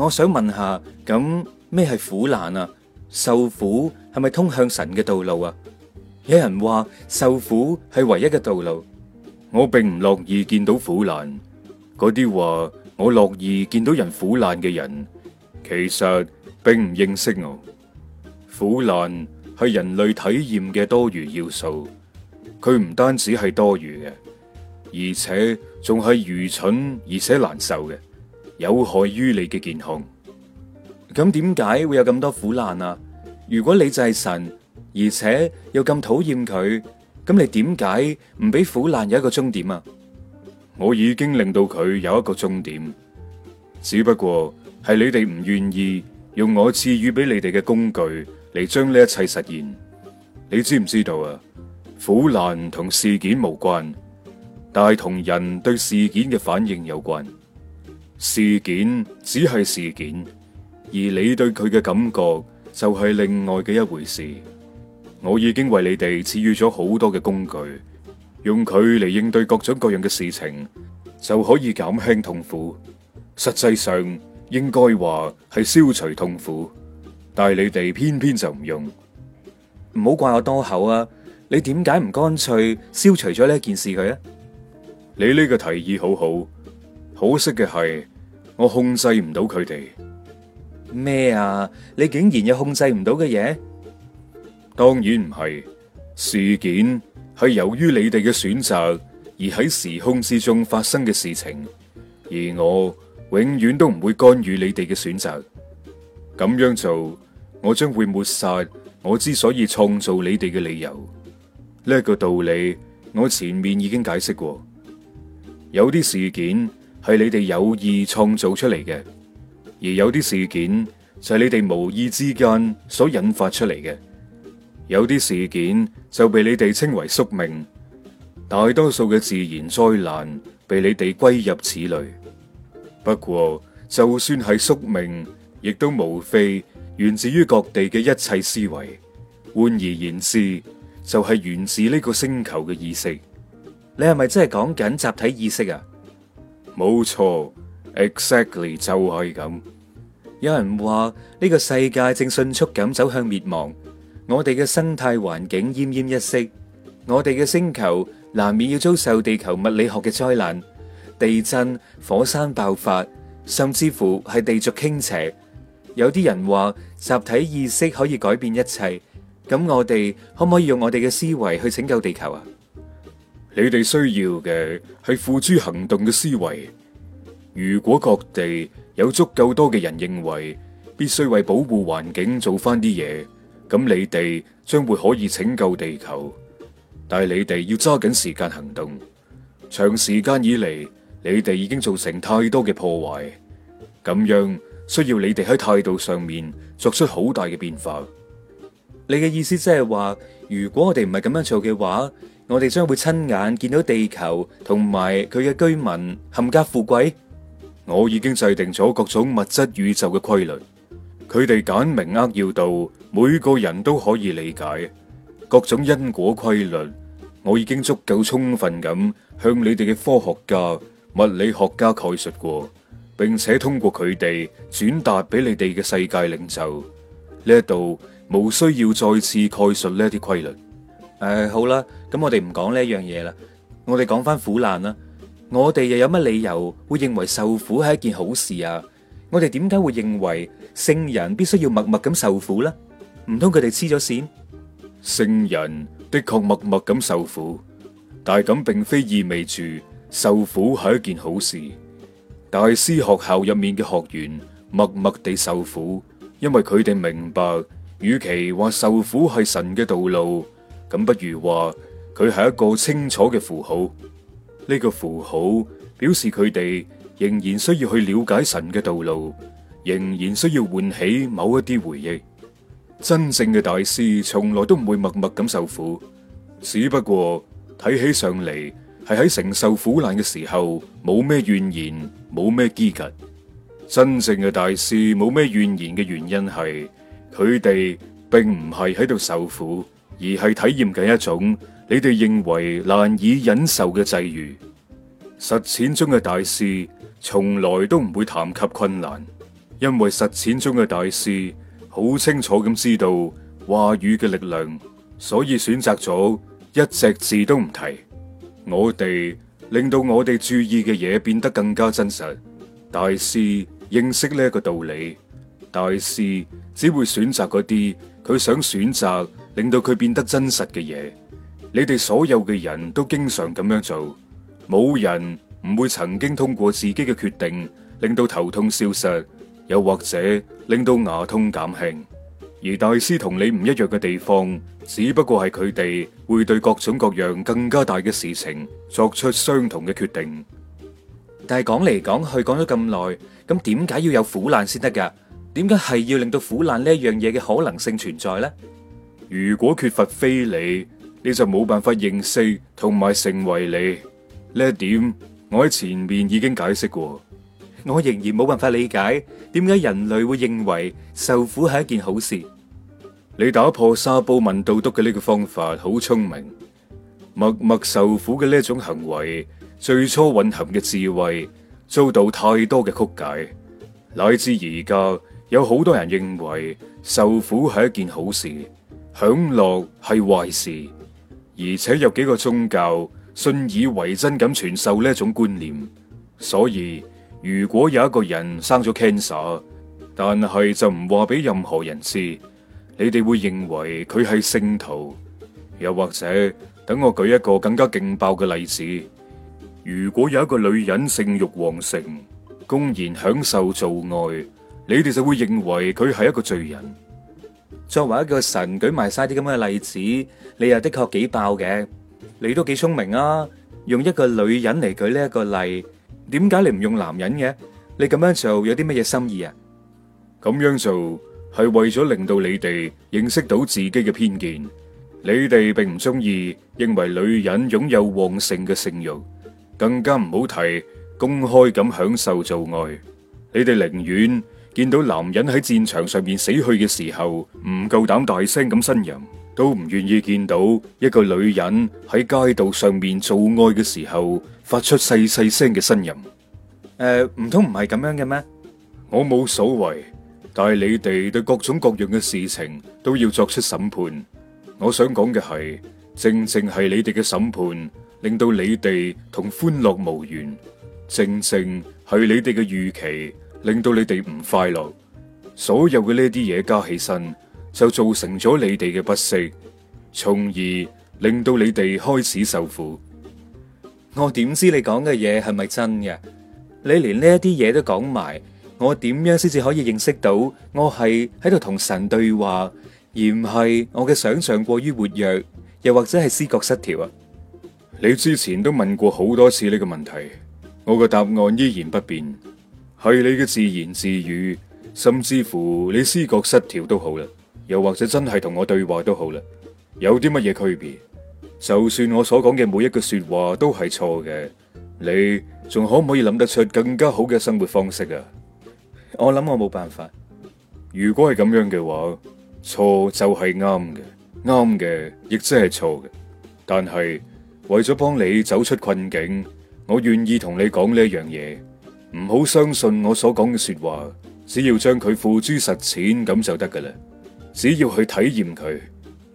我想問下，咁咩係苦難啊？受苦係咪通向神嘅道路啊？有人話受苦係唯一嘅道路，我並唔樂意見到苦難。嗰啲話我樂意見到人苦難嘅人，其實並唔認識我。苦難係人類體驗嘅多餘要素，佢唔單止係多餘嘅，而且仲係愚蠢而且難受嘅。有害於你嘅健康，咁點解會有咁多苦難啊？如果你就係神，而且又咁討厭佢，咁你點解唔俾苦難有一個終點啊？我已經令到佢有一個終點，只不過係你哋唔願意用我賜予俾你哋嘅工具嚟將呢一切實現。你知唔知道啊？苦難同事件無關，但係同人對事件嘅反應有關。事件只係事件，而你對佢嘅感覺就係另外嘅一回事。我已經為你哋賜予咗好多嘅工具，用佢嚟應對各種各樣嘅事情，就可以減輕痛苦。實際上應該話係消除痛苦，但你哋偏偏就唔用。唔好怪我多口啊！你點解唔乾脆消除咗呢件事佢啊？你呢個提議好好。可惜嘅係，我控制唔到佢哋。咩啊？你竟然有控制唔到嘅嘢？當然唔係，事件係由於你哋嘅選擇而喺時空之中發生嘅事情，而我永遠都唔會干預你哋嘅選擇。咁樣做，我將會抹殺我之所以創造你哋嘅理由。呢個道理，我前面已經解釋過。有啲事件，係你哋有意創造出嚟嘅，而有啲事件就係你哋無意之間所引發出嚟嘅，有啲事件就被你哋稱為宿命。大多數嘅自然災難被你哋歸入此類。不過，就算係宿命，亦都無非源自於各地嘅一切思維。換而言之，就係源自呢個星球嘅意識。你係咪真係講緊集體意識啊？冇錯，exactly 就係咁。有人話呢個世界正迅速咁走向滅亡，我哋嘅生態環境奄奄一息，我哋嘅星球難免要遭受地球物理學嘅災難、地震、火山爆發，甚至乎係地軸傾斜。有啲人話集體意識可以改變一切，咁我哋可唔可以用我哋嘅思維去拯救地球啊？你哋需要嘅係付諸行動嘅思維。如果各地有足夠多嘅人認為必須為保護環境做返啲嘢，咁你哋將會可以拯救地球，但係你哋要揸緊時間行動。長時間以嚟，你哋已經造成太多嘅破壞。咁樣需要你哋喺態度上面作出好大嘅變化。你嘅意思即係話，如果我哋唔係咁樣做嘅話？我哋將會親眼見到地球同埋佢嘅居民冚家富貴。我已經制定咗各種物質宇宙嘅規律，佢哋簡明扼要到每個人都可以理解各種因果規律。我已經足夠充分咁向你哋嘅科學家、物理學家概述過，並且通過佢哋轉達俾你哋嘅世界領袖呢一度，無需要再次概述呢一啲規律。誒、嗯，好啦，咁我哋唔講呢一樣嘢啦。我哋講翻苦難啦。我哋又有乜理由會認為受苦係一件好事啊？我哋點解會認為聖人必須要默默咁受苦呢？唔通佢哋黐咗線？聖人的確默默咁受苦，但咁並非意味住受苦係一件好事。大師學校入面嘅學員默默地受苦，因為佢哋明白，與其話受苦係神嘅道路。咁不如話佢係一個清楚嘅符號，呢個符號表示佢哋仍然需要去了解神嘅道路，仍然需要喚起某一啲回憶。真正嘅大師從來都唔會默默咁受苦，只不過睇起上嚟係喺承受苦難嘅時候冇咩怨言，冇咩積格。真正嘅大師冇咩怨言嘅原因係佢哋並唔係喺度受苦，而係體驗緊一種你哋認為難以忍受嘅際遇。實踐中嘅大師從來都唔會談及困難，因為實踐中嘅大師好清楚咁知道話語嘅力量，所以選擇咗一隻字都唔提。我哋令到我哋注意嘅嘢變得更加真實。大師認識呢個道理，大師只會選擇嗰啲佢想選擇。令到佢變得真實嘅嘢，你哋所有嘅人都經常咁樣做，冇人唔會曾經通過自己嘅決定令到頭痛消失，又或者令到牙痛減輕。而大師同你唔一樣嘅地方，只不過係佢哋會對各種各樣更加大嘅事情作出相同嘅決定。但係講嚟講去講咗咁耐，咁點解要有苦難先得噶？點解係要令到苦難呢一樣嘢嘅可能性存在呢？如果缺乏非理，你就冇辦法認識同埋成為你。呢一點我喺前面已經解釋過，我仍然冇辦法理解點解人類會認為受苦係一件好事。你打破沙煲問到篤嘅呢個方法好聰明，默默受苦嘅呢一種行為最初蘊含嘅智慧遭到太多嘅曲解，乃至而家有好多人認為受苦係一件好事。享樂係壞事，而且有幾個宗教信以為真咁傳授呢一種觀念。所以，如果有一個人生咗 cancer，但係就唔話俾任何人知，你哋會認為佢係聖徒。又或者，等我舉一個更加勁爆嘅例子：如果有一個女人性欲旺盛，公然享受做愛，你哋就會認為佢係一個罪人。作為一個神舉埋晒啲咁嘅例子，你又的確幾爆嘅，你都幾聰明啊！用一個女人嚟舉呢一個例，點解你唔用男人嘅？你咁樣做有啲乜嘢心意啊？咁樣做係為咗令到你哋認識到自己嘅偏見，你哋並唔中意認為女人擁有旺盛嘅性欲，更加唔好提公開咁享受做愛，你哋寧願。見到男人喺戰場上面死去嘅時候，唔夠膽大聲咁呻吟，都唔願意見到一個女人喺街道上面做愛嘅時候發出細細聲嘅呻吟。誒、呃，唔通唔係咁樣嘅咩？我冇所謂，但係你哋對各種各樣嘅事情都要作出審判。我想講嘅係，正正係你哋嘅審判令到你哋同歡樂無緣，正正係你哋嘅預期。令到你哋唔快樂，所有嘅呢啲嘢加起身，就造成咗你哋嘅不適，從而令到你哋開始受苦。我點知你講嘅嘢係咪真嘅？你連呢一啲嘢都講埋，我點樣先至可以認識到我係喺度同神對話，而唔係我嘅想象過於活躍，又或者係思覺失調啊？你之前都問過好多次呢個問題，我嘅答案依然不變。係你嘅自言自語，甚至乎你思覺失調都好啦，又或者真係同我對話都好啦，有啲乜嘢區別？就算我所講嘅每一句說話都係錯嘅，你仲可唔可以諗得出更加好嘅生活方式啊？我諗我冇辦法。如果係咁樣嘅話，錯就係啱嘅，啱嘅亦即係錯嘅。但係為咗幫你走出困境，我願意同你講呢樣嘢。唔好相信我所講嘅說話，只要將佢付諸實踐咁就得噶啦。只要去體驗佢，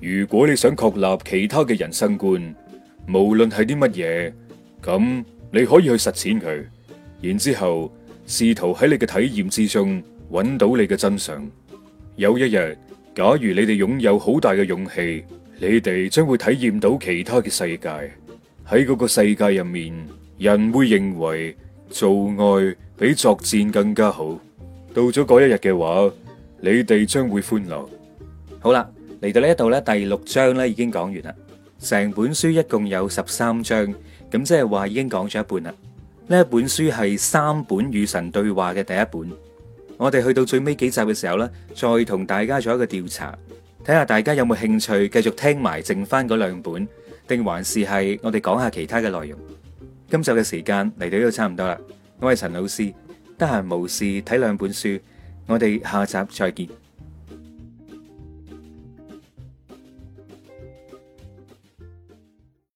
如果你想確立其他嘅人生觀，無論係啲乜嘢，咁你可以去實踐佢，然之後試圖喺你嘅體驗之中揾到你嘅真相。有一日，假如你哋擁有好大嘅勇氣，你哋將會體驗到其他嘅世界。喺嗰個世界入面，人會認為。做愛比作戰更加好。到咗嗰一日嘅話，你哋將會歡樂。好啦，嚟到呢一度咧，第六章咧已經講完啦。成本書一共有十三章，咁即係話已經講咗一半啦。呢一本書係三本與神對話嘅第一本。我哋去到最尾幾集嘅時候咧，再同大家做一個調查，睇下大家有冇興趣繼續聽埋剩翻嗰兩本，定還是係我哋講下其他嘅內容。今集嘅時間嚟到都差唔多啦，我係陳老師，得閒無事睇兩本書，我哋下集再見。